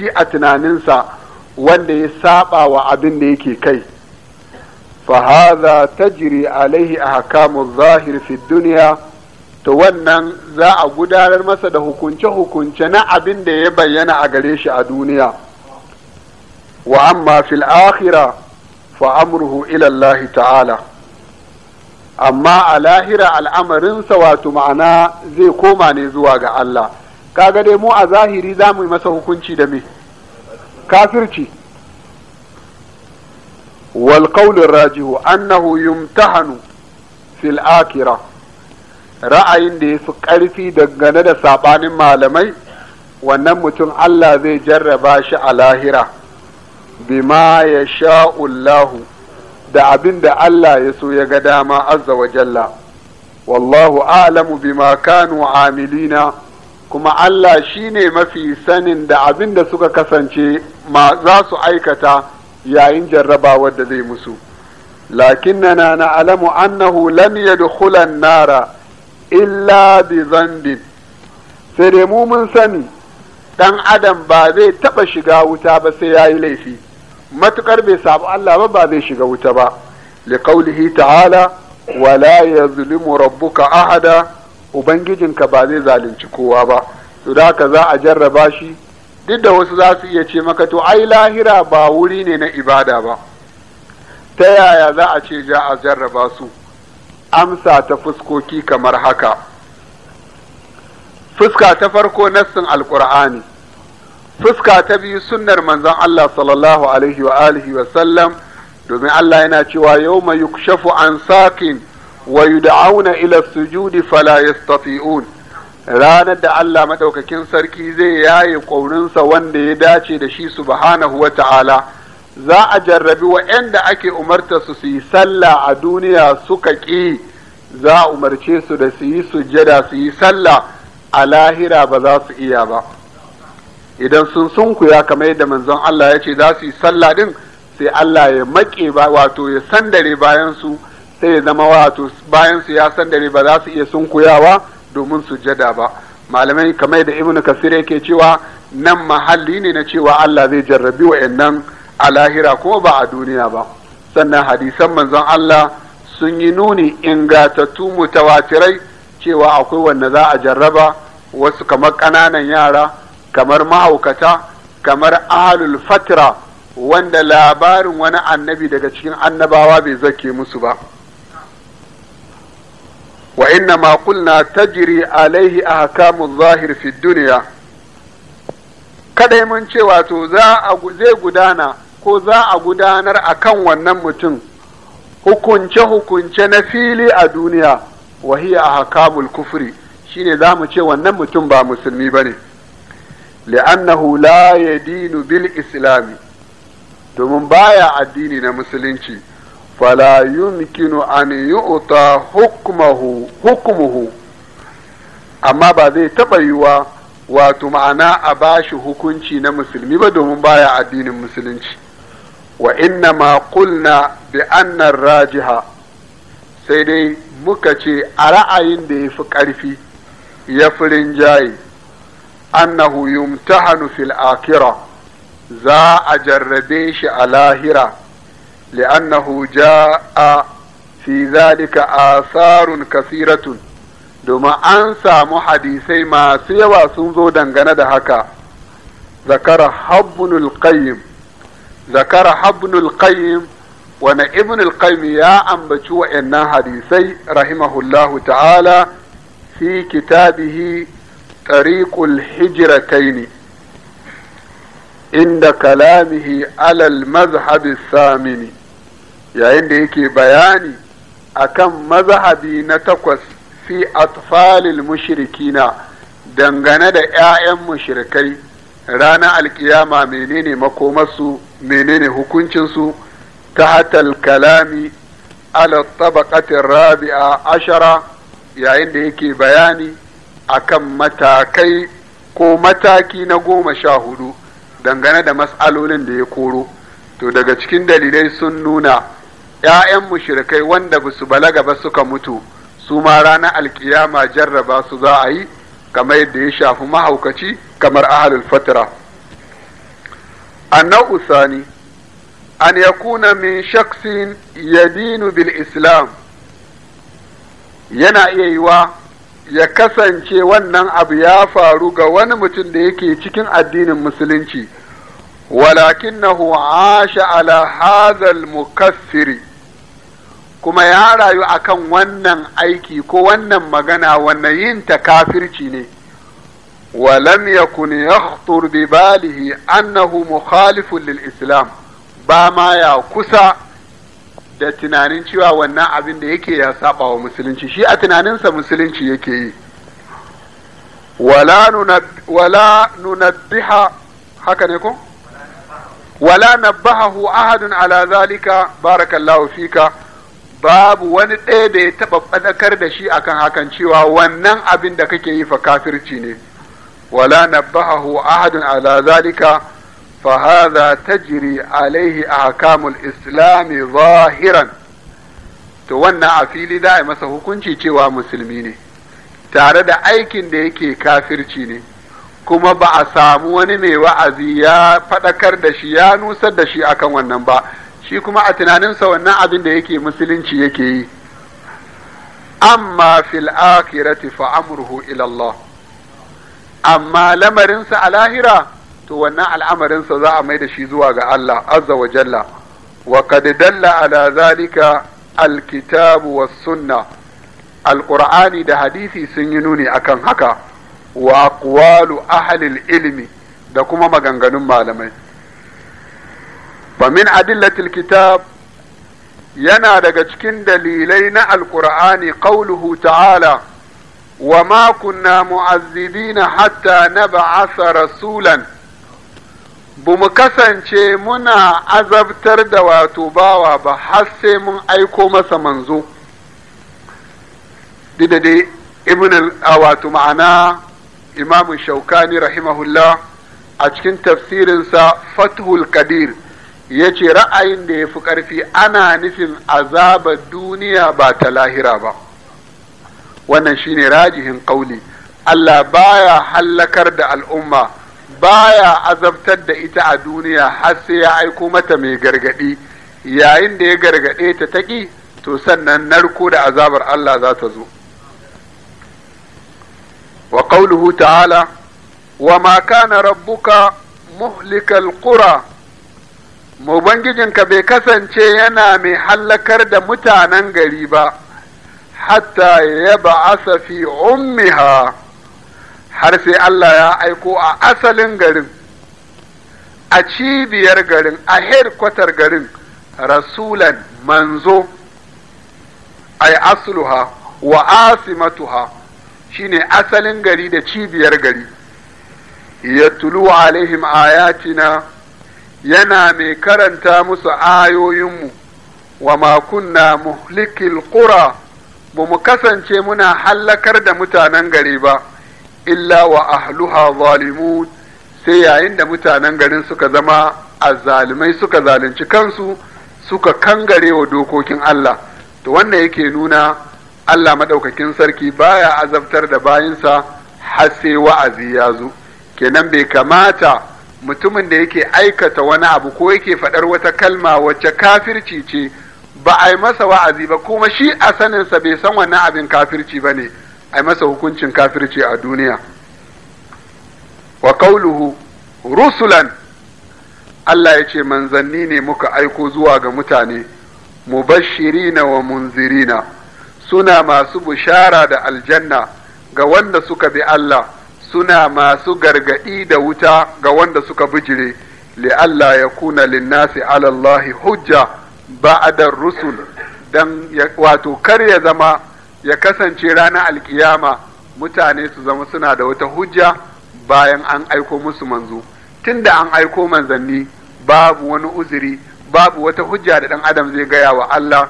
shi a tunaninsa wanda ya saba wa abin da yake kai fahaza jiri alaihi ahkamu zahir fi duniya to wannan za a gudanar masa da hukunce-hukunce na abin da ya bayyana a gare shi a duniya wa amma fil akhira fa amruhu ila Allah ta'ala amma a lahira al'amarinsa wato ma'ana zai koma ne zuwa ga Allah kaga dai mu a zahiri za mu yi masa hukunci da me kafirci wal qawlu rajihu annahu yumtahanu fil akira ra'ayin da yafi ƙarfi dangane da saɓanin malamai wannan mutum Allah zai jarraba shi a lahira bima ya sha'ullahu da abin da Allah ya so ya ga dama azza wa jalla wallahu a'lamu bima kanu amilina kuma Allah shi ne mafi sanin da abin da suka kasance ma za su aikata yayin jarrabawar da zai musu. lakinnana na annahu lan yadkhula an-nara illa bi dhanbin sai dai mu mun sani dan adam ba zai taba shiga wuta ba sai yayi laifi matukar bai sabu Allah ba ba zai shiga wuta ba li liqaulihi ta'ala wala ya yazlimu rabbuka ahada ubangijinka ba zai zalunci kowa ba to da haka za a jarraba shi duk da wasu za su iya ce maka to ai lahira ba wuri ne na ibada ba ta yaya za a ce ja a jarraba su amsa ta fuskoki kamar haka fuska ta farko nassin alkur'ani fuska ta biyu sunnar manzon Allah sallallahu alaihi wa alihi wa sallam domin Allah yana cewa yawma yukshafu an saqin wa yud'auna ila sujudi fala ranar da Allah madaukakin sarki zai yaye ƙaurinsa wanda ya dace da shi subhanahu wa ta'ala za a jarrabi wayanda ake umarta su su yi sallah a duniya suka ƙi za a umarce su da su yi sujjada su yi sallah a lahira ba za su iya ba idan sun sunkuya kamar yadda manzon Allah ya ce za su yi sallah din sai Allah ya maƙe ba wato ya sandare bayan su sai ya zama wato bayan su ya san dare ba za su iya sunkuyawa domin sujada ba malamai kamar da ibnu kasir yake cewa nan mahalli ne na cewa Allah zai jarrabi wa'annan a lahira kuma ba a duniya ba sannan hadisan manzon Allah sun yi nuni ingatattu mutawatirai cewa akwai wanda za a jarraba wasu kamar ƙananan yara kamar mahaukata kamar ahlul fatra wanda labarin wani annabi daga cikin annabawa bai zake musu ba وإنما قلنا تجري عليه أحكام الظاهر في الدنيا kada mun ce wato za a zai gudana ko za a gudanar a kan wannan mutum hukunce-hukunce na fili a duniya wahiya a hakamul kufri shine za mu ce wannan mutum ba musulmi ba ne li'annahu la yadinu bil islami domin baya addini na musulunci فلا يمكن أن يؤتى حكمه حكمه أما بذي تبيوا wato ma'ana a bashi hukunci na musulmi ba domin baya addinin musulunci wa inna ma qulna bi rajiha sai dai muka ce a ra'ayin da ya fi ƙarfi ya fi rinjaye annahu yumtahanu fil akira za a jarrabe shi a lahira li'annahu ja'a fi zalika asarun kasiratun domin an samu hadisai masu yawa sun zo dangane da haka zakara habbunul qayyim zakara habbunul qayyim wani ibnul qayyim ya ambaci wa'annan hadisai rahimahullahu ta'ala fi kitabihi tariqul hijrataini inda kalamihi alal mazhabi samini yayin da yake bayani akan mazhabi na takwas fi atfalil mushrikina dangane da 'ya'yan mushrikai ranar alkiyama menene makomarsu menene hukuncinsu ta hatal kalami ala rabi'a ashara yayin da yake bayani akan matakai ko mataki na goma sha hudu dangane da mas'alolin da ya koro to daga cikin dalilai sun nuna ‘ya'yan mushrikai wanda ba su balaga ba suka mutu su ma ranar alkiyama jarraba su za a yi kamar yadda ya shafi mahaukaci kamar ahalul fatira annau usani an yakuna min shaksin yadinu bil islam yana iya yiwa ya kasance wannan abu ya faru ga wani mutum da yake cikin addinin musulunci ولكنه ala على هذا Mukassiri. kuma ya rayu akan wannan aiki ko wannan magana wannan yin ta kafirci ne ولم يكن يخطر بباله أنه مخالف للإسلام بما ya kusa da tunanin cewa wannan abin da yake ya saba wa musulunci shi a tunaninsa musulunci yake yi wala nunabbiha haka ne ko wala nabbahahu ahadun ala zalika barakallahu fika babu wani ɗaya da ya taɓa ɓanakar da shi akan hakan cewa wannan abin da kake yi fa kafirci ne wala nabbahahu ahadun ala zalika fa hadha tajri alaihi ahkamul islami zahiran to wannan a fili da a masa hukunci cewa musulmi ne tare da aikin da yake kafirci ne kuma ba a samu wani mai wa'azi ya faɗakar da shi ya nusar da shi akan wannan ba shi kuma a tunaninsa wannan abin da yake musulunci yake yi amma fil akhirati fa amruhu ila Allah amma lamarinsa a lahira to wannan al'amarinsa za a mai da shi zuwa ga Allah azza wa jalla wa qad dalla ala zalika alkitab was sunna alqur'ani da hadisi sun yi nuni akan haka wa aqwalu ahli da kuma maganganun malamai fa min adillatil kitab yana daga cikin dalilai na alqur'ani ƙauluhu ta'ala wa ma kunna mu'azzibina hatta na nab'asa rasulan bu mu kasance muna azabtar da wato bawa ba har sai mun aiko masa manzo dida dai ibn wato ma'ana imamu shaukani rahimahullah a cikin tafsirinsa fathul kadir ya ce ra'ayin da ya fi ƙarfi ana nufin azabar duniya ba ta lahira ba wannan shine rajihin ƙauli Allah baya hallakar da al'umma baya azabtar da ita a duniya har sai ya aiko mata mai gargaɗi yayin da ya gargaɗe ta taƙi to sannan narko da azabar Allah za ta zo wa ta'ala wa ma kana rabbuka muhlikal qura Ubangijinka bai kasance yana mai hallakar da mutanen gari ba, hatta ya Asafi fi ummiha har sai Allah ya aiko a asalin garin, a cibiyar garin, a herkwatar garin, rasulan manzo, ai asluha wa asimatuha ne asalin gari da cibiyar gari, ya tulu alaihim ayatina. yana mai karanta musu ayoyinmu wa makunna kunna muhlikil qura ba mu kasance muna hallakar da mutanen gari ba illa wa ahluha zalimun sai yayin da mutanen garin suka zama azzalimai suka zalunci kansu suka kangare wa dokokin Allah to wannan yake nuna Allah madaukakin sarki baya azabtar da bayinsa har sai wa'azi ya zo kenan bai kamata mutumin da yake aikata wani abu ko yake faɗar wata kalma wacce kafirci ce ba a yi masa wa'azi ba kuma shi a saninsa bai san wannan abin kafirci ba ne a yi masa hukuncin kafirci a duniya wa kauluhu rusulan Allah ya ce manzanni ne muka aiko zuwa ga mutane mubashirina wa munzirina suna masu bushara da aljanna ga wanda suka bi Allah suna masu gargadi da wuta ga wanda suka bijire li'alla ya kuna linnasi alallahi hujja ba'adar rusul dan wato kar ya zama ya kasance ranar alkiyama mutane su zama suna da wata hujja bayan an aiko musu manzo tunda an aiko manzanni babu wani uzuri babu wata hujja da dan adam zai gaya wa Allah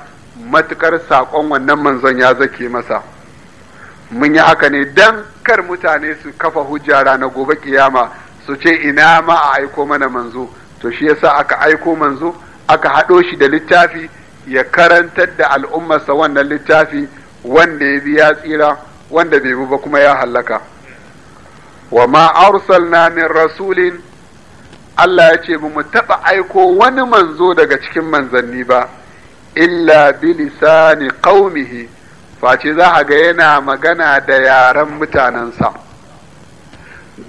matukar saƙon wannan manzon ya zake masa. mun yi haka ne dan kar mutane su kafa hujja rana gobe kiyama su ce ina ma a aiko mana manzo to shi yasa aka aiko manzo aka haɗo shi da littafi ya karantar da al'ummarsa wannan littafi wanda ya biya tsira wanda bai bi ba kuma ya hallaka wa ma arsalna min rasulin Allah ya ce mu taɓa aiko wani manzo daga cikin manzanni ba illa bilisani qaumihi face za a ga yana magana da yaren mutanensa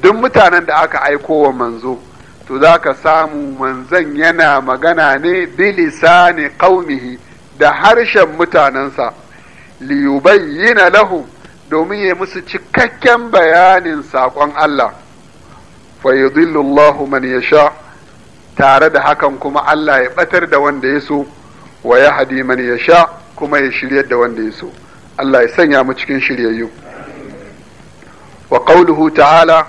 duk mutanen da aka aiko wa manzo to za ka samu manzan yana magana ne bilisani qaumihi da harshen mutanensa liyubayyina lahu domin ya musu cikakken bayanin saƙon Allah fa yudhillu man yasha tare da hakan kuma Allah ya batar da wanda ya so wa yahdi man sha kuma ya shiryar da wanda ya so Allah ya sanya mu cikin shiryayyu wa ta'ala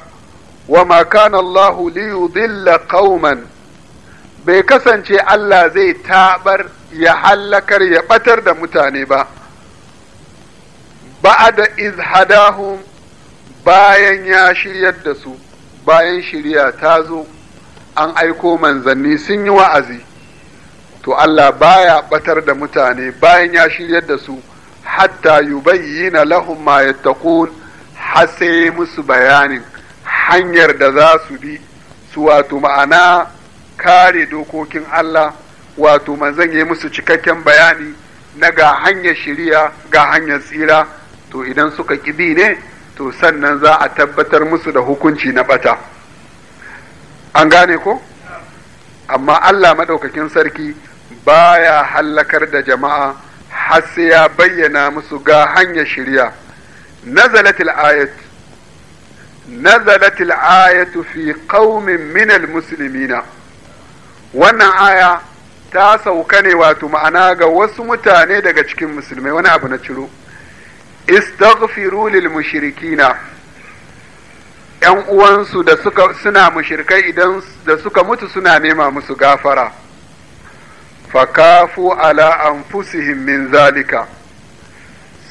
wa ma kana Allah li yudilla qauman bai kasance Allah zai tabar ya hallakar ya batar da mutane ba ba'ada iz hadahum bayan ya shiryar da su bayan shirya ta zo an aiko manzanni sun yi wa'azi to Allah baya batar da mutane bayan ya shiryar da su hatta yubayyina lahum ma yattaqun hase musu bayanin hanyar da za su bi su wato ma'ana kare dokokin Allah wato manzan ya musu cikakken bayani na ga hanyar shiriya ga hanyar tsira to idan suka bi ne to sannan za a tabbatar musu da hukunci na bata an gane ko amma Allah maɗaukakin sarki baya hallakar da jama'a har sai ya bayyana musu ga hanyar shirya nazalatil ayat nazalatil ayatu fi qaumin minal muslimina wannan aya ta sauka ne wato ma'ana ga wasu mutane daga cikin musulmai wani abu na ciro istaghfiru lil mushrikina ‘yan uwansu da suka suna mushrikai idan da suka mutu suna nema musu gafara fakafu ala anfusihim min zalika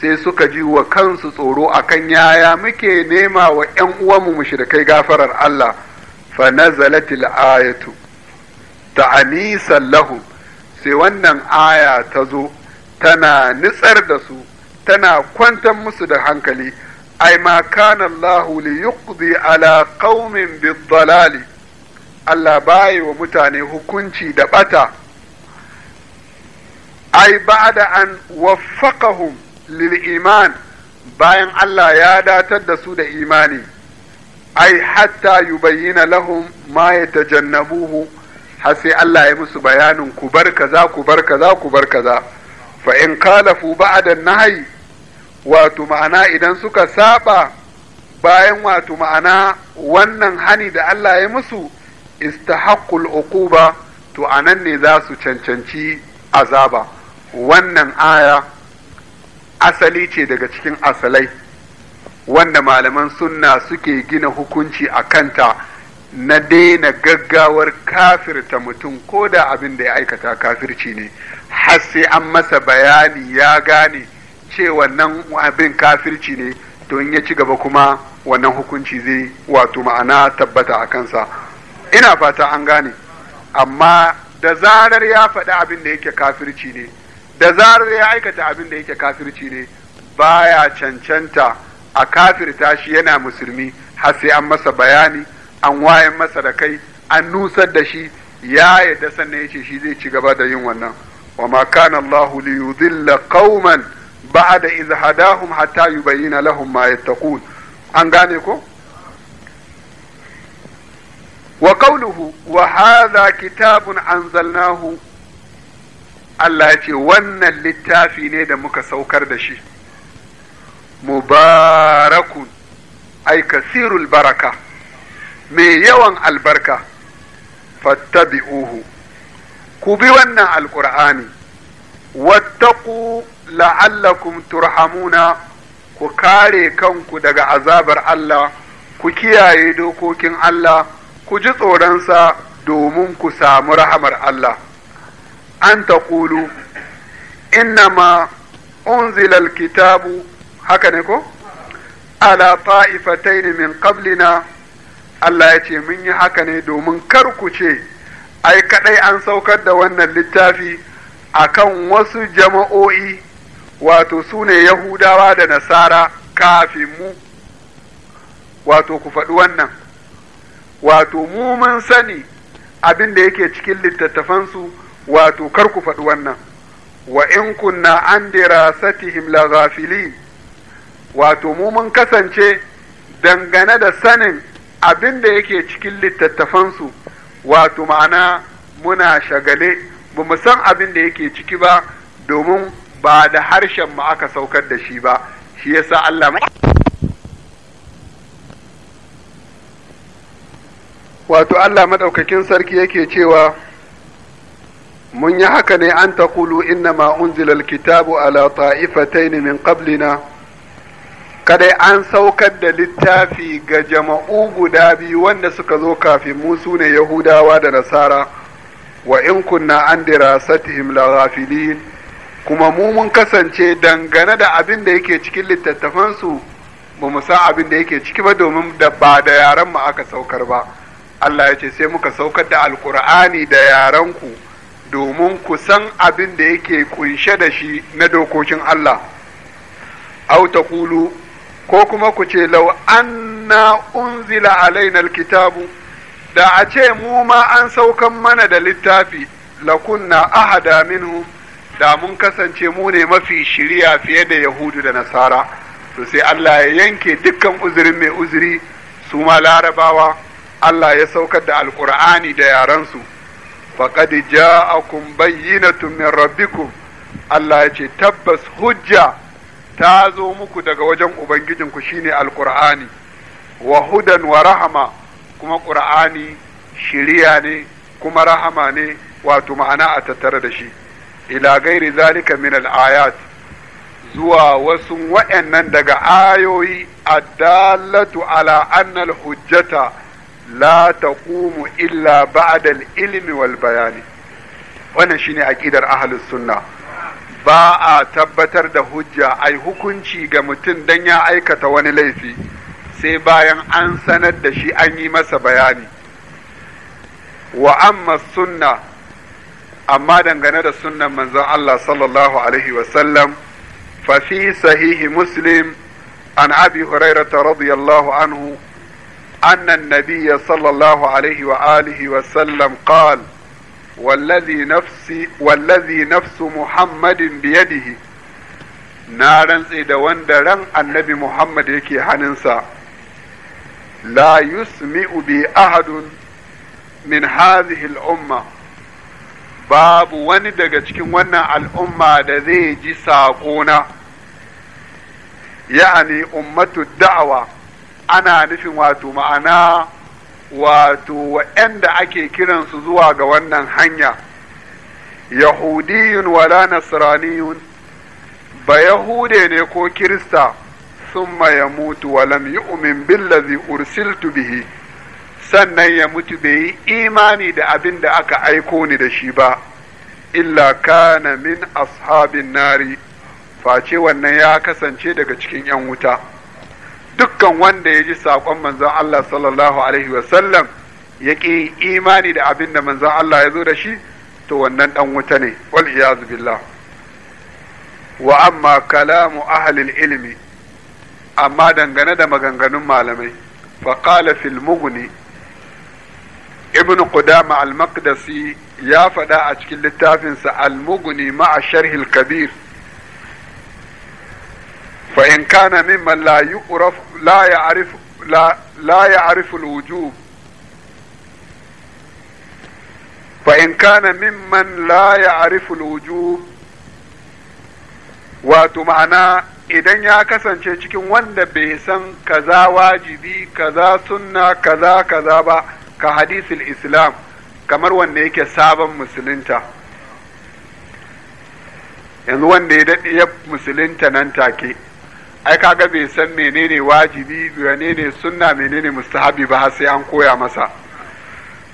sai suka ji wa kansu tsoro akan yaya muke nema wa ‘yan uwanmu mushrikai gafarar Allah fa nazalatil ayatu ta'anisan lahum sai wannan aya ta zo tana nitsar da su tana kwantar musu da hankali ai ma kana Allah li yuqdi ala qaumin bid-dalali Allah bai wa mutane hukunci da bata ai da an waffaqahum lil iman bayan Allah ya datar da su da imani ai hatta yubayyana lahum ma yatajannabuhu har sai Allah ya musu bayanin ku bar kaza ku bar kaza ku bar kaza fa in kalafu ba'da nahyi wato ma'ana idan suka saba bayan wato ma'ana wannan hani da Allah ya musu istahaqqul uquba to anan ne za su cancanci azaba wannan aya asali ce daga cikin asalai wanda malaman sunna suke gina hukunci a kanta na daina gaggawar kafirta mutum ko da abin da ya aikata kafirci ne har sai an masa bayani ya gane ce wannan abin kafirci ne to in ya ci gaba kuma wannan hukunci zai wato ma'ana tabbata a kansa ina fata an gane amma da zarar ya faɗi abin da yake kafirci ne da zarar ya aikata abin da yake kafirci ne baya cancanta a kafirta shi yana musulmi har sai an masa bayani an wayan masa da kai an nusar da shi ya yadda sannan yace shi zai ci gaba da yin wannan wa ma kana Allahu li yudilla qauman ba'da iz hadahum hatta yubayyana lahum ma yattaqun an gane ko wa qawluhu wa hadha kitabun anzalnahu Allah ya ce wannan littafi ne da muka saukar da shi mubarakun ai kasirul baraka mai yawan albarka fattabi'uhu ku bi wannan alkur'ani wattaku la'allakum turhamuna ku kare kanku daga azabar Allah ku kiyaye dokokin Allah ku ji tsoronsa domin ku samu rahamar Allah an taqulu innama unzila kitabu. haka ne ko ala ta'ifatain min Allah ya ce mun yi haka ne domin kar ku ce ai kaɗai an saukar da wannan littafi a kan wasu jama'o'i wato su ne yahudawa da nasara kafin mu wato ku faɗi wannan wato mu mun sani abin da yake cikin littattafansu wato kar ku faɗi wannan wa in kunna an dirasatihim la ghafilin wato mu mun kasance dangane da sanin abin da yake cikin littattafansu wato ma'ana muna shagale ba mu san abin da yake ciki ba domin ba da harshen mu aka saukar da shi ba shi yasa Allah wato Allah madaukakin sarki yake cewa mun yi haka ne an ta kulu inna ma unzilal kitabu ala ta'ifataini min qablina kadai an saukar da littafi ga jama'u guda biyu wanda suka zo kafin mu su ne yahudawa da nasara wa in kunna an dirasatihim ghafilin kuma mu mun kasance dangane da abin da yake cikin littattafansu ba mu san abin da yake ciki ba domin da ba da yaran mu aka saukar ba Allah ya ce sai muka saukar da alkur'ani da yaran ku domin ku san abin da yake kunshe da shi na dokokin Allah ta kulu, ko kuma ku ce an na unzila alainar kitabu. da a ce mu ma an saukan mana da littafi lakunna ahada minhu da mun kasance mu ne mafi shiriya fiye da yahudu da nasara to sai Allah ya yanke dukkan uzurin mai uzuri su ma larabawa Allah ya saukar da alkur'ani da yarensu faqad ja'akum bayyinatun min rabbikum Allah ya ce tabbas hujja ta zo muku daga wajen ubangijin ku shine alqur'ani Wahudan wa rahama kuma ƙur'ani shiriya ne kuma rahama ne wato ma'ana a tattare da shi ila gairi zalika min al-ayat zuwa wasu wa'annan daga ayoyi a Dalatu annal hujjata la taqumu illa ba'da al-ilmi wal bayani wannan shine aƙidar ahlus sunna ba a tabbatar da hujja ai hukunci ga mutum dan ya aikata wani laifi sai bayan an sanar da shi an yi masa bayani wa amma sunna amma dangane da sunnan manzon Allah sallallahu alaihi wa fa fi sahihi muslim an abi hurairata radiyallahu anhu أن النبي صلى الله عليه وآله وسلم قال والذي نفسي والذي نفس محمد بيده نارا سيدا وندرا النبي محمد يكي حننسا لا يسمع بي أحد من هذه الأمة babu wani daga cikin wannan al'umma da zai ji saƙona, ya'ani ummatu da'awa ana nufin wato ma'ana wato wa'yanda ake kiransu zuwa ga wannan hanya yahudiyun wala nasraniyun ba yahude ne ko kirista summa ya mutu walam yu'min billazi ursiltu bihi sannan ya mutu bai yi imani da abin da aka aiko ni da shi ba illa kana min ashabin nari face wannan ya kasance daga cikin 'yan wuta dukkan wanda ya ji saƙon manzon Allah sallallahu alaihi wasallam ya ƙi imani da abin da manzon Allah ya zo da shi to wannan ɗan wuta ne wal billah wa amma kalamu ahalin ilimi, amma dangane da maganganun malamai فقال في المغني ابن ya faɗa a cikin littafinsa التافنس المغني مع الشرح Kabir. fa in kana mimman la yu'raf la ya'rif la wato ma'ana idan ya kasance cikin wanda bai san kaza wajibi kaza sunna kaza kaza ba ka hadisul islam kamar wanda yake sabon musulunta yanzu wanda ya daɗe musulunta nan take ai kaga bai san menene wajibi menene sunna menene mustahabi ba sai an koya masa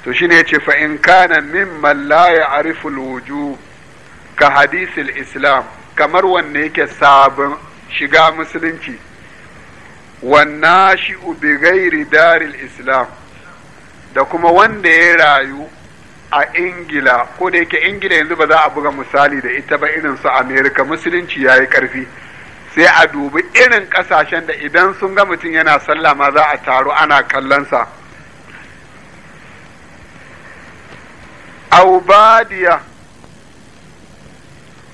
to shine yace fa in kana mimman la ya'rifu al ka hadisil islam kamar wanne yake sabon shiga musulunci wanna shi bi ghairi daril islam da kuma wanda ya rayu a ingila ko da yake ingila yanzu ba za a buga misali da ita ba irin su america musulunci yayi karfi. sai a dubi irin ƙasashen da idan sun ga mutum yana sallah ma za a taru ana kallonsa aubadiya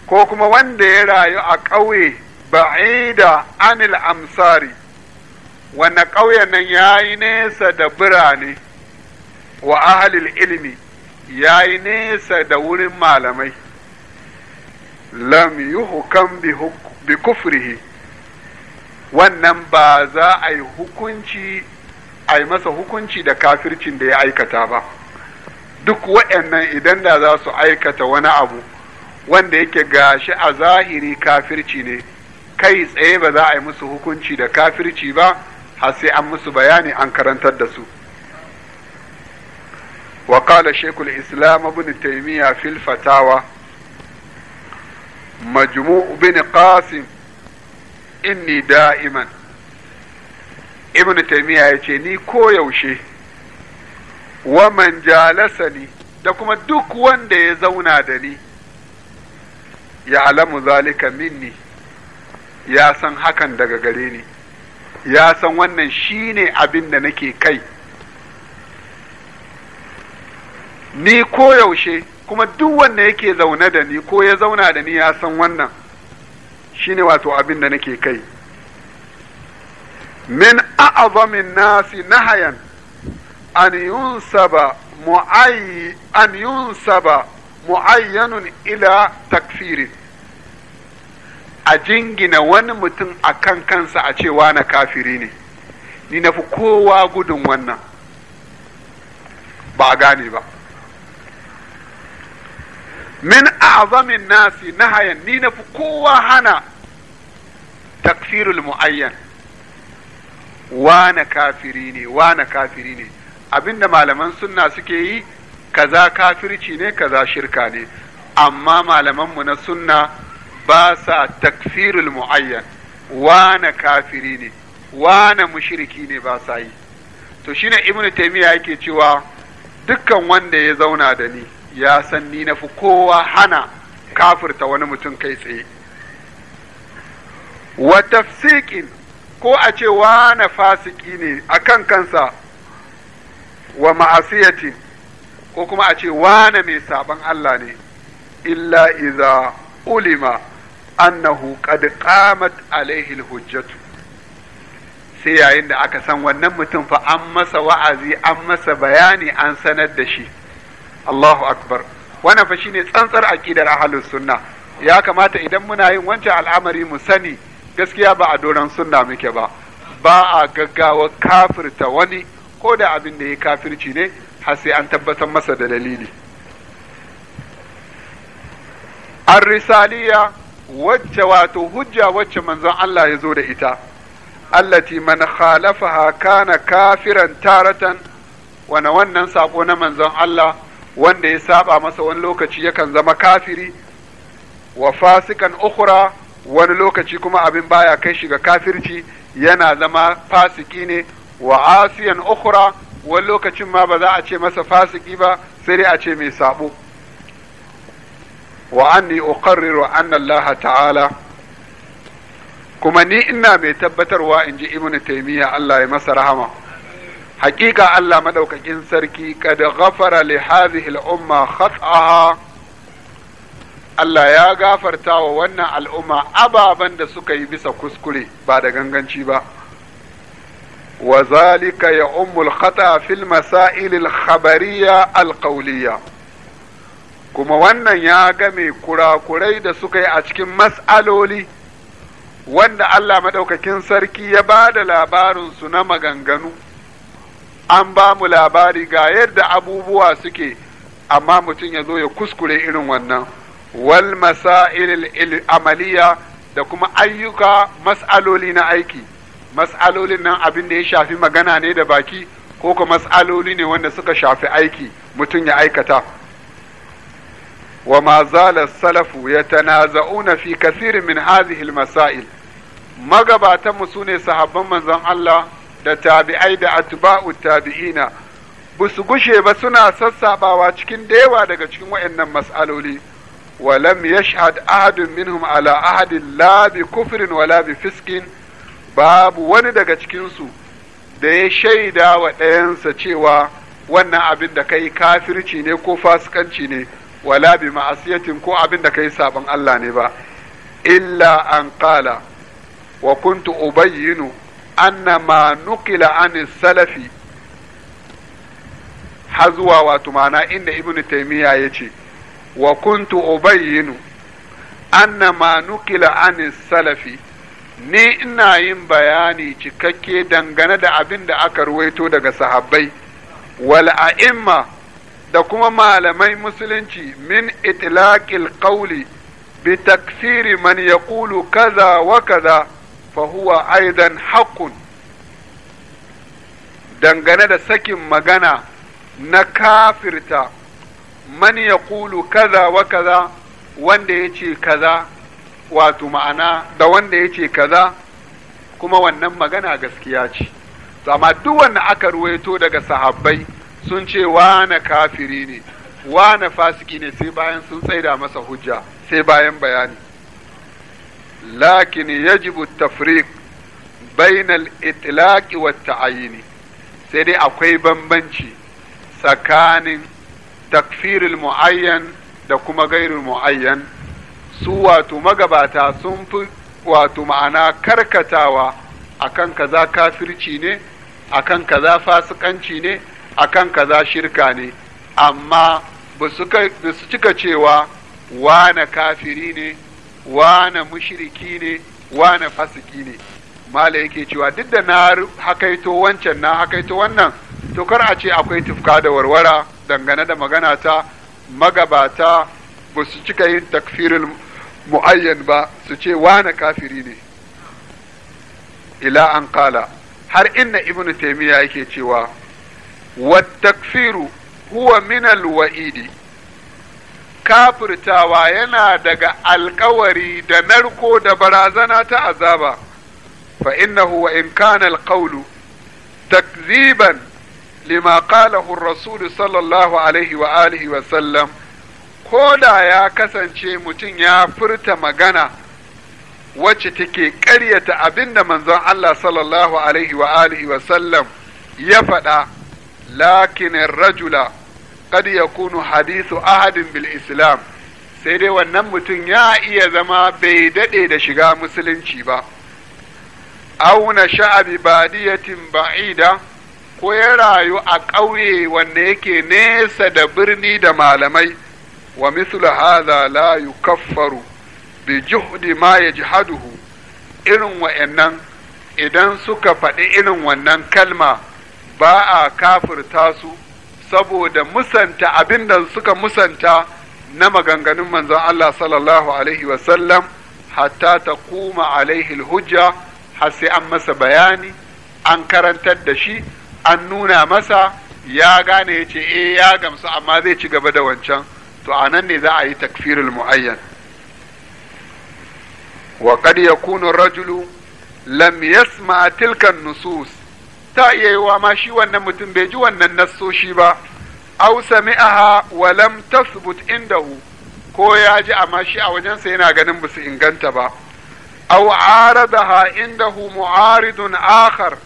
ko kuma wanda ya rayu a ƙauye ba'ida anil amsari wanda ƙauyen nan ya yi nesa da birane wa ahalil ilimi ya yi nesa da wurin malamai lam yi hukam bi bi kufrihi wannan ba za a yi hukunci a yi masa hukunci da kafircin da ya aikata ba duk waɗannan idan da za su aikata wani abu wanda yake gashi a zahiri kafirci ne kai tsaye ba za a yi musu hukunci da kafirci ba har sai an musu bayani an karantar da su وقال شيخ الإسلام ابن تيمية في الفتاوى majmu'u bin qasim inni da'iman ibn taymiya ya ce ni koyaushe wa man jalasani da kuma duk wanda ya zauna da ni ya alamu zalika minni ya san hakan daga gare ni ya san wannan shine abin da nake kai ni koyaushe kuma duk wanda yake zaune da ni ko ya zauna da ni ya san wannan shine wato abin da nake kai min a'azamin nasi nahayan an yunsaba mu'ayyi an yunsaba mu'ayyanun ila takfirin a jingina wani mutum a kan kansa a cewa na kafiri ne ni na fi kowa gudun wannan ba a gane ba min a'zamin nasi nahayan ni na fi kowa hana taksirul mu'ayyan wane kafiri ne wane kafiri ne abinda malaman sunna suke yi kaza kafirci ne kaza shirka ne amma malamanmu na sunna ba sa takfirul mu'ayyan wane kafiri ne wane mushiriki ne ba sa yi to shine ibnu taymiya yake cewa dukkan wanda ya zauna da ni ya san ni na fi kowa hana kafirta wani mutum kai tsaye wa tafsikin ko a ce wane fasiki ne a kan kansa wa ma'asiyatin ko kuma a ce wane mai saban Allah ne illa iza ulima annahu qad qamat alaihi hujjatu sai yayin da aka san wannan mutum fa an masa wa'azi an masa bayani an sanar da shi Allahu akbar wannan fa shine tsantsar aqidar ahlus sunna ya kamata idan muna yin wancan al'amari mu sani gaskiya ba a doron sunna muke ba ba a gaggawa kafirta wani ko da abin da ya kafirci ne har sai an tabbatar masa da dalili ar-risaliya wacce wato hujja wacce manzon Allah ya zo da ita allati man khalafaha kana kafiran taratan wana wannan sako na manzon Allah wanda ya saba masa wani lokaci yakan zama kafiri wa fasikan ukhra wani lokaci kuma abin baya kai shiga kafirci yana zama fasiki ne wa asiyan ukhra wani lokacin ma ba za a ce masa fasiki ba sai dai a ce mai sabo wa anni uqarriru anna Allah ta'ala kuma ni ina mai tabbatarwa inji ibnu taymiya Allah ya masa rahama haƙiƙa Allah maɗaukakin sarki kad gafara li hadhihi al Allah ya gafarta wa wannan al'umma ababen da suka yi bisa kuskure ba da ganganci ba Wazalika ya ummul khata fil masail al-khabariyya kuma wannan ya game kurakurai da suka yi a cikin mas'aloli wanda Allah maɗaukakin sarki ya ba da su na maganganu an ba mu labari ga yadda abubuwa suke amma mutum ya zo ya kuskure irin wannan wal masail amaliya da kuma ayyuka mas'aloli na aiki mas'alolin nan abin da ya shafi magana ne da baki ko kuma mas'aloli ne wanda suka shafi aiki mutum ya aikata wa ma zala salafu yatanaza'una fi kathirin min hadhihi al masail magabatan mu sune sahabban manzon Allah da tabi'ai da atba'u tabi'ina ba gushe ba suna sassabawa cikin dewa daga cikin waɗannan mas'aloli walam yashhad ahadun minhum ala ahadin la bi kufrin wala bi fiskin babu wani daga cikin su da ya shaida wa ɗayansa cewa wannan abin da kai kafirci ne ko fasikanci ne wala bi ma'asiyatin ko abin da kai sabon Allah ne ba illa an qala wa kuntu ubayyinu أن ما nukila عن salafi حزوا zuwa إن ابن inda ibn وكنت ya ce wa kuntu عن السلف salafi ni ina yin bayani cikakke dangane da abin da aka ruwaito daga sahabbai wal a'imma da kuma malamai musulunci min itlaqil qawli bi taksiri man yaqulu kaza wa kaza fahuwa aidan haƙun dangane da sakin magana na kafirta man ya kulu kaza wa kaza wanda ya ce kaza wato ma'ana da wanda ya ce kaza kuma wannan magana gaskiya ce amma duk wanda aka ruwaito daga sahabbai sun ce wane kafiri ne wane fasiki ne sai bayan sun tsaida masa hujja sai bayan bayani لكن يجب التفريق بين الإطلاق والتعيين سيدي akwai bambanci tsakanin takfirin mu'ayyan da kuma gairin mu'ayyan su wato magabata sun fi wato ma'ana karkatawa akan kaza kafirci ne akan kaza fasikanci ne akan kaza shirka ne amma ba su cika cewa wane kafiri ne wane mushriki ne wane fasiki ne mala yake cewa duk da na hakaito wancan na hakaito wannan to kar a ce akwai tufka da warwara dangane da magana ta magabata ba su cika yin takfirin mu'ayyan ba su ce wane kafiri ne ila an kala har inna ibnu taymiya yake cewa wa takfiru huwa minal waidi kafirtawa yana daga alkawari da narko da barazana ta azaba fa innahu wa in kana alqawlu takziban lima qalahu ar-rasul sallallahu alaihi wa alihi wa sallam da ya kasance mutum ya furta magana wacce take ƙaryata abinda manzon Allah sallallahu alaihi wa alihi wa sallam ya faɗa lakin rajula ya yakunu hadithu ahadin bil islam sai dai wannan mutum ya iya zama bai dade da shiga musulunci ba auna sha'abi badiyatin ba'ida ko ya rayu a ƙauye wanda yake nesa da birni da malamai wa mislu hadha la yukaffaru bi juhdi ma yajhaduhu irin wa'annan idan suka faɗi irin wannan kalma ba a kafirta su saboda musanta abin da suka musanta na maganganun manzon Allah sallallahu alaihi wasallam hatta ta kuma alaihi hujja har sai an masa bayani an karantar da shi an nuna masa ya gane ya ce eh ya gamsu amma zai ci gaba da wancan to a nan ne za a yi takfirul mu'ayyan wa qad yakunu rajulu lam yasma tilkan nusus ta iya yi wa ma shi wannan mutum bai ji wannan nassoshi ba au sami'aha wa lam tasbut indahu ko ya ji amma shi a wajensa yana ganin ba su inganta ba au aradaha indahu mu'aridun akhar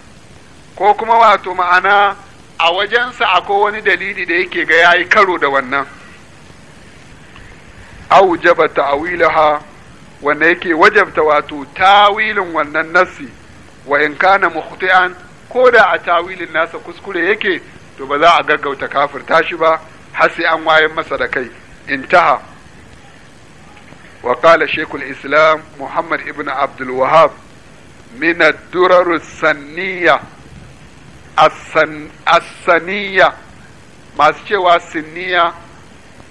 ko kuma wato ma'ana a wajensa akwai wani dalili da yake ga yayi karo da wannan Au jaba ta'wilaha wanda yake wajabta wato tawilin wannan nassi wa in kana mukhti'an ko da a tawilin nasa kuskure yake to ba za a gaggauta kafirta shi ba har sai an wayan masa da kai intaha wa qala shaykhul islam muhammad ibn abdul wahhab min ad-durar as-sanniya as-sanniya masu cewa sinniya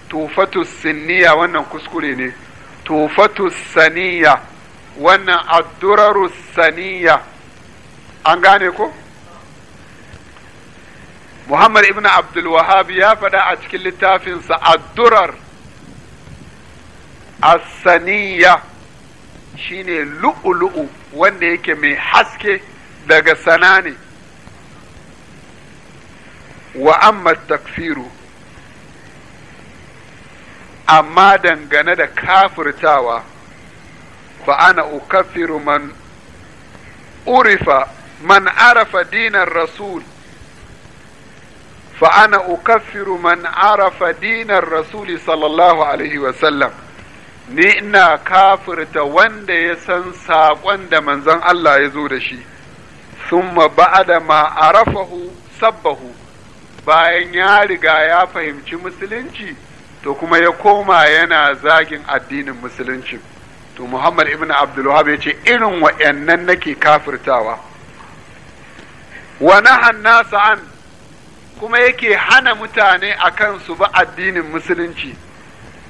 tufatu sinniya wannan kuskure ne tufatu saniya wannan ad-durar saniya an gane ko Muhammad ibn Abdul Wahhab ya faɗa a cikin littafinsa Ad-Durar As-Saniyya shine lu'ulu'u wanda yake mai haske daga sana wa amma takfiru amma dangane da kafirtawa fa ana ukaffiru man urifa man arafa dinar rasul fa ana ukaffiru man arafa dinar rasuli sallallahu alaihi sallam. ni ina kafirta wanda ya san saƙon da manzon Allah ya zo da shi summa da ma arafahu sabbahu bayan ya riga ya fahimci musulunci to kuma ya koma yana zagin addinin musulunci to Muhammad ibn Abdul Wahab ya ce irin wa'annan nake kafirtawa wa hannasa'an. an kuma yake hana mutane a kansu ba addinin musulunci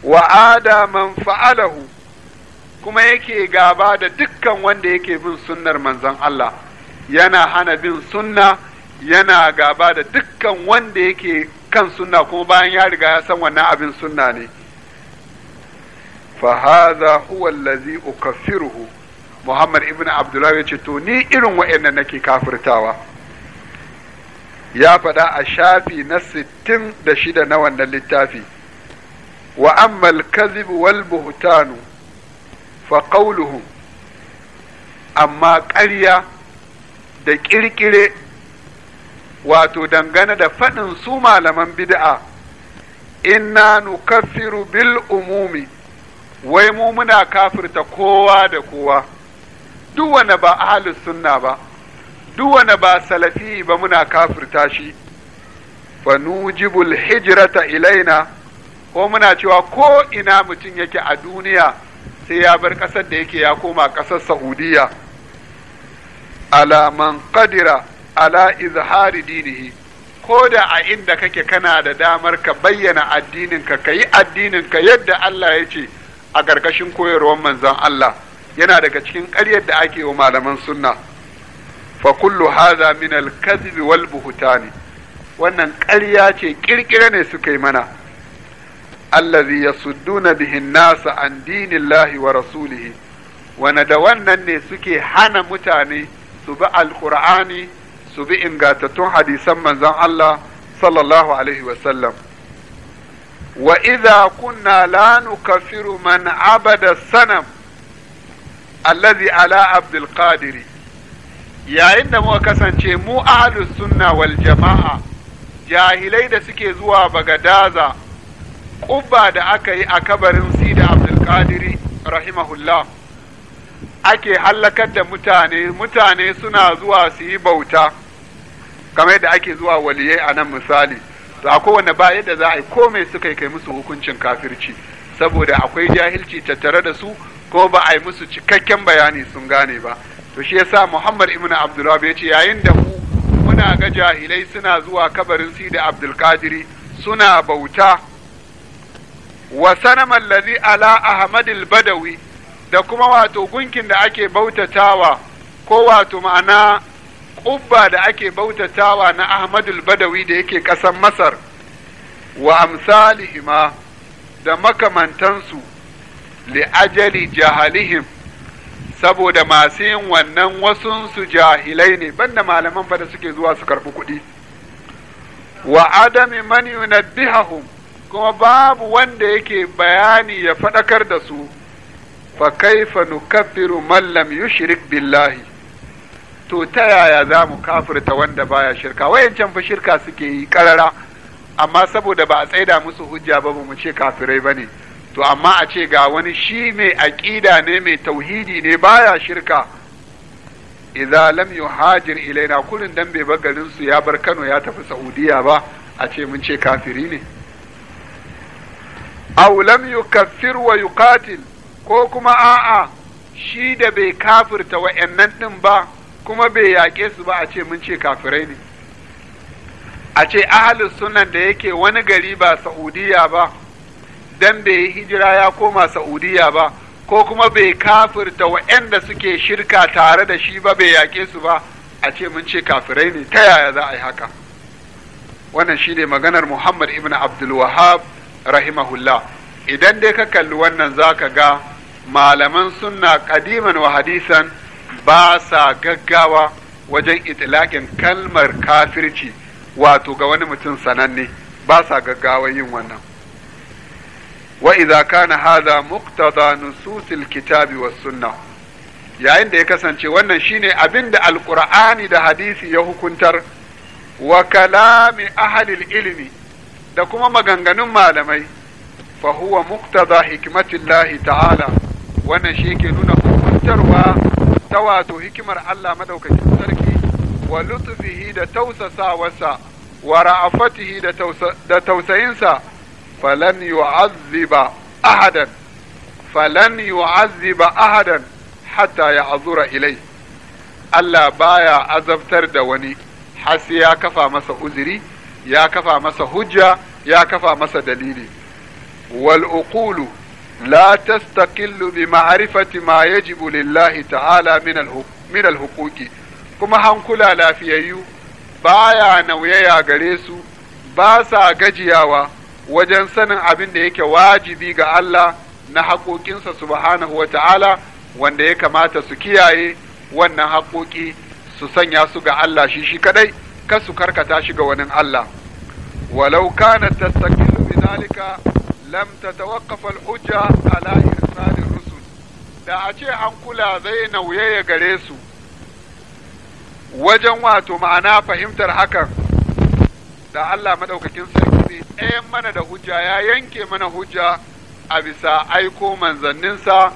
wa ada man fa'alahu kuma yake gaba da dukkan wanda yake bin sunnar manzon Allah yana hana bin sunna yana gaba da dukkan wanda yake kan sunna kuma bayan ya riga ya san wannan abin sunna ne fahaza huwa allazi ukaffiruhu muhammad ibn abdullahi ya ce to ni irin wa'annan nake kafirtawa ya faɗa a shafi na sittin da shida na wannan littafi wa ammal kazib wal buhtanu fa qawluhu amma ƙarya da ƙirƙire wato dangane da faɗin su malaman bid'a inna nukaffiru bil umumi wai mu muna kafirta kowa da kowa duk wanda ba ahlus sunna ba duk ba salafi ba muna kafirta shi fa nujibul hijrata ilaina ko muna cewa ko ina mutum yake a duniya sai ya bar ƙasar da yake ya koma ƙasar Saudiya Alaman man qadira ala izhari dinihi ko da a inda kake kana da damar ka bayyana addininka ka yi addininka yadda Allah ya ce a ƙarƙashin koyarwar manzon Allah yana daga cikin ƙaryar da ake wa malaman sunna fa kullu hadha min al wannan ƙarya ce ƙirƙira ne suka yi mana allazi ya sudduna bihin nasa an lahi wa rasulihi wana da wannan ne suke hana mutane su bi alƙur'ani su bi ingantattun hadisan manzon Allah sallallahu alaihi wa sallam wa idza kunna la nukaffiru man abada sanam allazi ala abdul qadiri yayin da muka kasance mu ahlus sunna wal jama'a jahilai da suke zuwa bagadaza ƙubba da aka yi a kabarin sida abdulkadiri rahimahullah ake hallakar da mutane mutane suna zuwa su yi bauta kamar yadda ake zuwa waliyai a nan misali to a kowane ba yadda za a yi komai suka kai musu hukuncin kafirci saboda akwai jahilci tattare da su ko ba a yi musu cikakken bayani sun gane ba to shi yasa Muhammad ibn Abdullah ya ce yayin da mu muna ga jahilai suna zuwa kabarin da Abdul Qadiri suna bauta wa sanam allazi ala Ahmad al-Badawi da kuma wato gunkin da ake bautatawa ko wato ma'ana ƙubba da ake bautatawa na al Badawi da yake ƙasar Masar, wa amsalihima da makamantansu li ajali jahalihim saboda masu yin wannan wasu su jahilai ne banda malaman fa suke zuwa su karɓi kuɗi wa adami man yunabbihahum kuma babu wanda yake bayani ya faɗakar da su fa kaifa nukaffiru man lam yushrik billahi to ta yaya za mu kafirta wanda baya shirka wayancan fa shirka suke yi karara amma saboda ba a tsaida musu hujja ba mu ce kafirai bane ne to amma a ce ga wani shi mai aƙida ne mai tauhidi ne baya shirka idza lam yuhajir ilaina kullun dan bai bar garin su ya bar Kano ya tafi Saudiya ba a ce mun ce kafiri ne aw lam yukaffir wa yuqatil ko kuma a'a shi da bai kafirta wa'annan din ba kuma bai yaƙe su ba a ce mun ce kafirai ne a ce ahalus sunan da yake wani gari ba Saudiya ba dan bai yi hijira ya koma Sa'udiyya ba ko kuma bai kafirta wa'anda suke shirka tare da shi ba bai yaƙe su ba a ce mun ce kafirai ne ta yaya za a yi haka wannan shine maganar Muhammad ibn Abdulwahab Wahhab rahimahullah idan dai ka kalli wannan zaka ga malaman sunna kadiman wa hadisan ba sa gaggawa wajen itilakin kalmar kafirci wato ga wani mutum sananne ba sa gaggawa yin wannan wa idza kana hadha muqtada nususil kitabi yayin da ya kasance wannan shine abin da alqur'ani da hadisi ya hukuntar wa kalami ahalil ilimi da kuma maganganun malamai fa huwa muqtada hikmatillahi ta'ala wannan shi ke nuna hukuntarwa ta wato hikimar Allah madaukakin sarki wa lutfihi da tausasawarsa wa ra'afatihi da tausayinsa falan yu'azziba ahadan falan yu'azziba ahadan hatta ya'zura ilai Allah baya azabtar da wani har sai ya kafa masa uzuri ya kafa masa hujja ya kafa masa dalili wal uqulu la tastaqillu bi ma'rifati ma yajibu lillahi ta'ala min al kuma hankula lafiyayyu baya nauyaya gare su ba sa gajiyawa wajen sanin abin da yake wajibi ga Allah na haƙoƙinsa subhanahu ta'ala, wanda ya kamata su kiyaye wannan haƙoƙi su sanya su ga Allah shi shi kaɗai kar su karkata shi ga wani Allah walau kana tastaqilu bidalika lam tatawaqqaf al-hujja ala irsal rusul da a ce an kula zai nauyaya gare su wajen wato ma'ana fahimtar hakan da Allah madaukakin sarki zai ɗayan mana da hujja ya yanke mana hujja a bisa aiko manzanninsa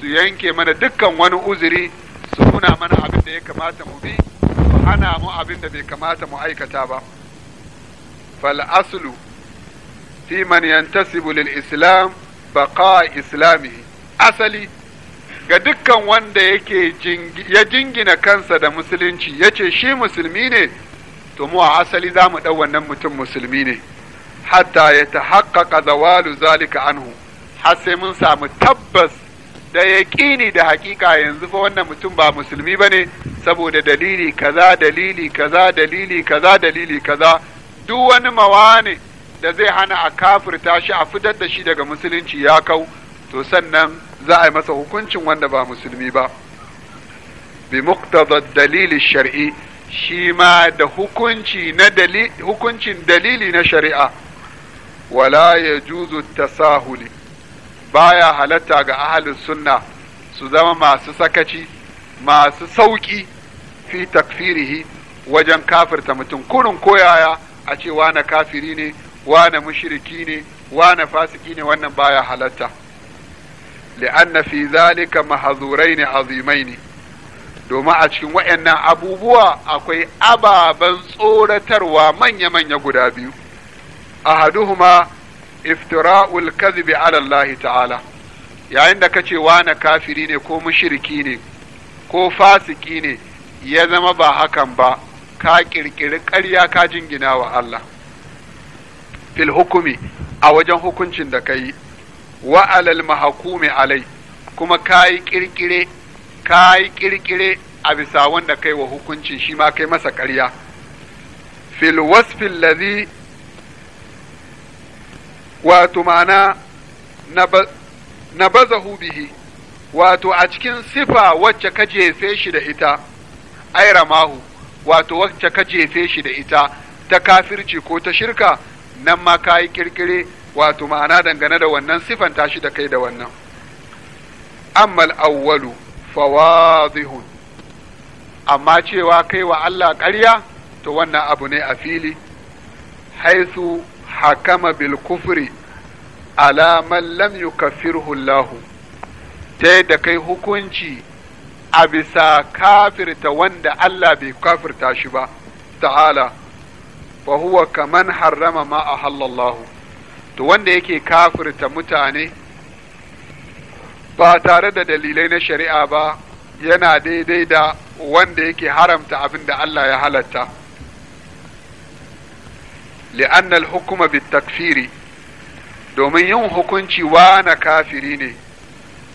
su yanke mana dukkan wani uzuri su nuna mana abin da ya kamata mu bi su hana mu abin da bai kamata mu aikata ba fal aslu fi man yantasibu lil islam baqa islamihi asali ga dukkan wanda yake ya jingina kansa da musulunci yace shi musulmi ne to mu a asali za mu ɗau wannan mutum musulmi ne hatta ya ta haƙaƙa zawalu zalika anhu har sai mun samu tabbas da yaƙini da haƙiƙa yanzu fa wannan mutum ba musulmi ba ne saboda dalili kaza dalili kaza dalili kaza dalili kaza duk wani mawane da zai hana a kafirta shi a fitar da shi daga musulunci ya kau to sannan za a yi masa hukuncin wanda ba musulmi ba bi muktaza dalili shar'i shi ma da hukuncin dalili na shari'a wala ya juzu tasahuli baya halatta ga ahalin sunna su zama masu sakaci masu sauƙi fi takfirihi wajen kafirta mutum kurin koyaya a ce wane kafiri ne wane mushriki ne wane fasiki ne wannan baya halatta li'anna fi zalika azimai ne. domin a cikin wayannan abubuwa akwai ababen tsoratarwa manya-manya guda biyu ahaduhuma iftira'ul kadhibi alallahi ta'ala yayin da wa na kafiri ne ko mushriki ne ko fasiki ne ya zama ba hakan ba ka ƙirƙiri ƙarya ka jingina wa Allah fil hukumi a wajen hukuncin da ka wa alal mahakumi alai kuma ka yi ƙirƙire. ka yi ƙirƙire a bisa wanda kai wa hukunci shi ma kai masa ƙarya fil wasfin lazi wato ma'ana na bazahu bihi wato a cikin sifa wacce ka jefe shi da ita ai ramahu wato wacce ka jefe shi da ita ta kafirci ko ta shirka nan ma ka yi kirkire wato ma'ana dangane da wannan sifan shi da kai da wannan ammal awwalu fawadihun amma cewa kai wa Allah ƙarya to wannan abu ne a fili haisu hakama bil kufri ala man lam yukaffirhu Allah ta yadda kai hukunci a bisa kafirta wanda Allah bai kafirta shi ba ta'ala fa huwa kaman harrama ma ahallallahu to wanda yake kafirta mutane ba tare da dalilai na shari'a ba yana daidai da wanda yake haramta abin da Allah ya halatta li'anna al-hukuma bit domin yin hukunci wana kafiri ne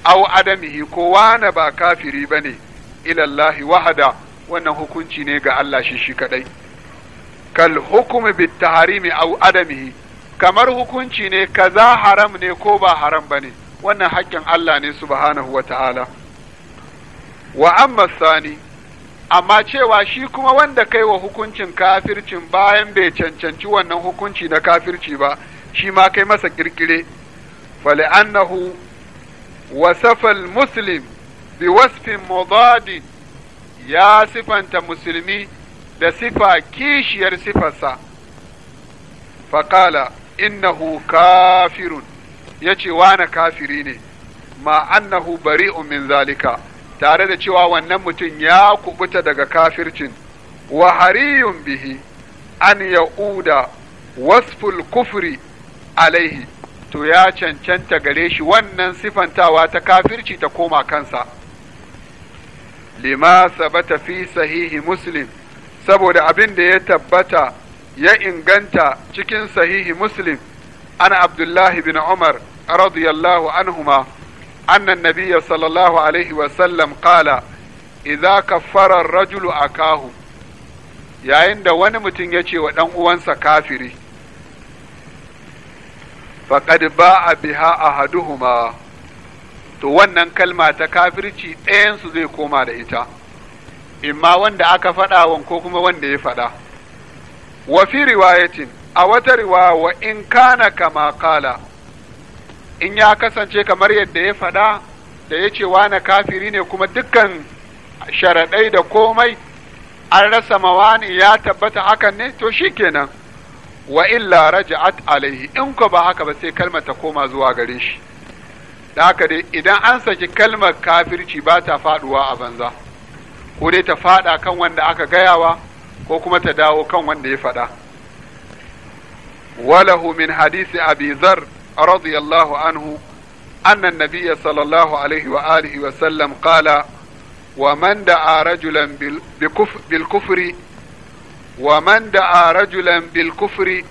aw adamihi ko wana ba kafiri bane ila Allah wahada wannan hukunci ne ga Allah shi shi kadai kal hukmu bit-tahrimi aw kamar hukunci ne kaza haram ne ko ba haram bane wannan haƙƙin Allah ne subhanahu wa ta'ala wa amma sani amma cewa shi kuma wanda kai wa hukuncin kafircin bayan bai cancanci wannan hukunci na kafirci ba shi ma kai masa ƙirƙire. fal'annahu wasafa al-muslim bi wasfin mudadin ya sifanta musulmi da sifa kishiyar sifarsa faƙala innahu kafirun ya ce wane kafiri ne ma annahu bari'un min zalika tare da cewa wannan mutum ya kubuta daga kafircin wa hariyun bihi an ya'uda wasful kufri alaihi to ya cancanta gare shi wannan sifantawa ta kafirci ta koma kansa lima sabata fi sahihi muslim saboda abin da ya tabbata ya inganta cikin sahihi muslim ana abdullahi bin umar رضي الله عنهما أن النبي صلى الله عليه وسلم قال إذا كفر الرجل أكاه yayin da wani mutum ya ce wa ɗan uwansa kafiri faƙad ba a biha ahaduhuma to wannan kalma ta kafirci ɗayansu zai koma da ita imma wanda aka faɗawa ko kuma wanda ya faɗa Wafi fi a wata riwaya wa in kana kama kala in ya kasance kamar yadda ya faɗa da ya ce wane kafiri ne kuma dukkan sharaɗai da komai an rasa mawani ya tabbata hakan ne to shi kenan wa illa raja'at alaihi in ko ba haka ba sai kalmar ta koma zuwa garin shi da haka dai idan an saki kalmar kafirci ba ta faduwa a banza ko dai ta faɗa kan wanda aka gayawa ko kuma ta dawo kan wanda ya faɗa walahu min hadisi abi zar رضي الله عنه أن النبي صلى الله عليه وآله وسلم قال ومن دعا رجلا بالكفر ومن دعا رجلا بالكفر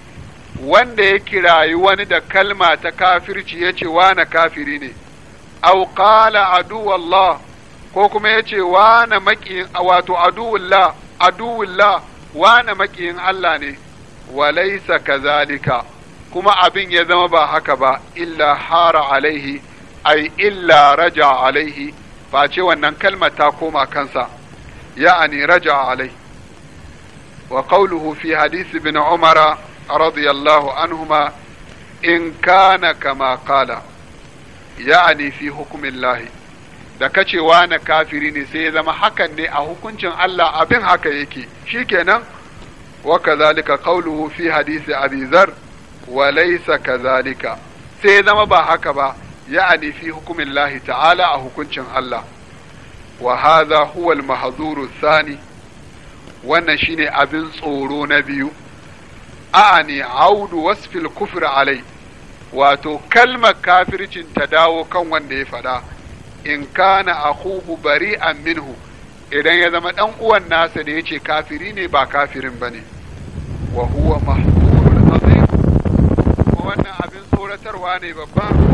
wanda ya kirayi wani da kalma ta kafirci ya ce wane kafiri ne, au qala aduwallah ko kuma ya ce wane maƙiyin wato aduwullah aduwullah wane maƙiyin Allah ne, walaisa kazalika kuma abin ya zama ba haka ba illa hara alaihi ai illa raja alaihi ce wannan kalmar ta koma kansa ya'ani raja alaihi wa qawluhu fi hadisi bin umara radiyallahu anhuma in kana kama qala ya'ani fi hukumin lahi da kacewa na kafiri ne sai ya zama hakan ne a hukuncin Allah abin haka yake shikenan wa kazalika qawluhu fi hadisi abi dharr walaisa kazalika sai zama ba haka ba ya'ani fi hukumin lahi ta'ala a hukuncin Allah wa hadha huwa al sani wannan shine abin tsoro na biyu a'ani audu wasfil kufr alai wato kalmar kafircin ta dawo kan wanda ya faɗa in kana akhuhu bari'an minhu idan ya zama ɗan uwan nasa da yace kafiri ne ba kafirin bane wa huwa body of a bomb.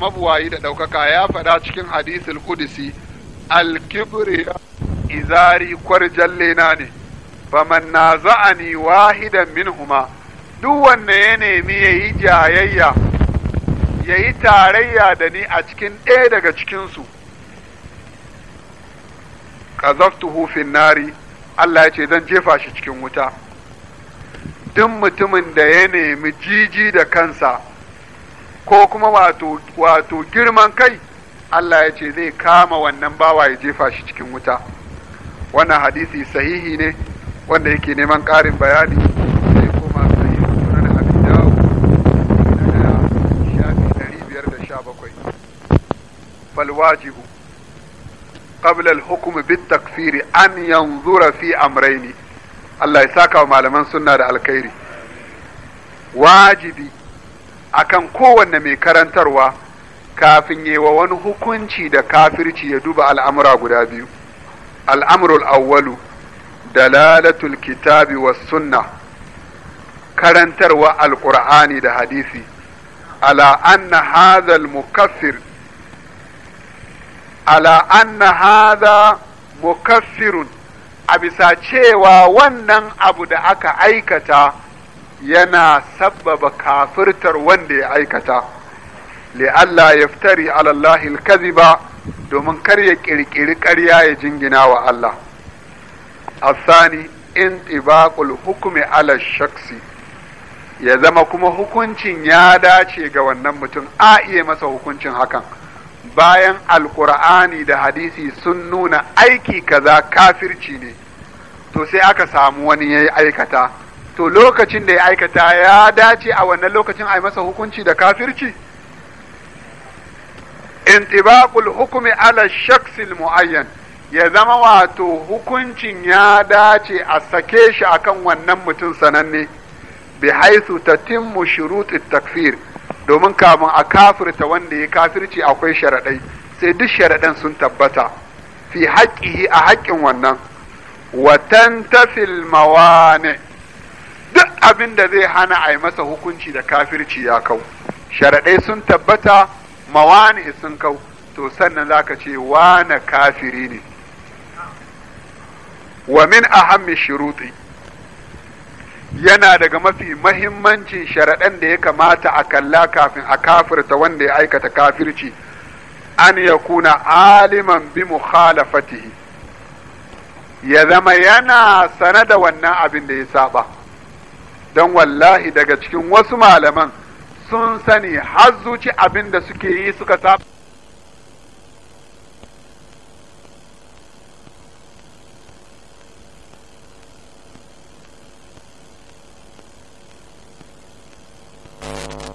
mabuwayi da ɗaukaka ya faɗa cikin hadisul qudsi alkibriya izari kwarjalle na ne faman naza'ani wahidan minhuma duk wanne ya nemi ya yi jayayya ya yi tarayya da ni a cikin ɗaya daga cikinsu kazaftuhu hufin nari Allah ya ce zan jefa shi cikin wuta duk mutumin da ya nemi jiji da kansa ko kuma wato girman kai Allah ya ce zai kama wannan bawa ya jefa shi cikin wuta wannan hadisi sahihi ne wanda yake neman ƙarin bayani sai kuma sahihi sunan abin dawo na shafi falwajibu قبل الحكم بالتكفير أن ينظر في أمرين Allah ya saka wa malaman sunna da alkhairi wajibi akan kowanne mai karantarwa kafin yi wa wani hukunci da kafirci ya duba al'amura guda biyu al'amurul awwalu dalalatul kitabi was sunna karantarwa alƙur'ani da hadisi ala anna hadha mukaffir ala anna hadha mukaffirun a bisa cewa wannan abu da aka aikata yana sabbaba kafirtar wanda ya aikata li'alla yaftari ala Allah alkaziba domin kar ya kirkiri ƙarya ya jingina wa Allah asani in tibaqul hukmi ala shaksi ya zama kuma hukuncin ya dace ga wannan mutum a iya masa hukuncin hakan bayan alkur'ani da hadisi sun nuna aiki kaza kafirci ne to sai aka samu wani ya aikata to lokacin da ya aikata ya dace a wannan lokacin a yi masa hukunci da kafirci intibaqul hukumi ala shaksil muayyan ya zama wato hukuncin ya dace a sake shi akan wannan mutum sananne bi haithu tatimmu shurut takfir domin kamun a kafirta wanda ya kafirci akwai sharaɗai sai duk sharaɗan sun tabbata fi haƙƙihi a haƙƙin wannan watan tafil mawani' duk abin da zai hana a yi masa hukunci da kafirci ya kau sharaɗai sun tabbata mawani sun kau to sannan za ka ce wane kafiri ne wa min ahammi shuruti yana daga mafi mahimmancin sharaɗan da ya kamata a kalla kafin a kafirta wanda ya aikata kafirci an ya kuna aliman bi mukhalafatihi ya zama yana sane da wannan abin da ya saba don wallahi daga cikin wasu malaman sun sani har zuci abin da suke yi suka saba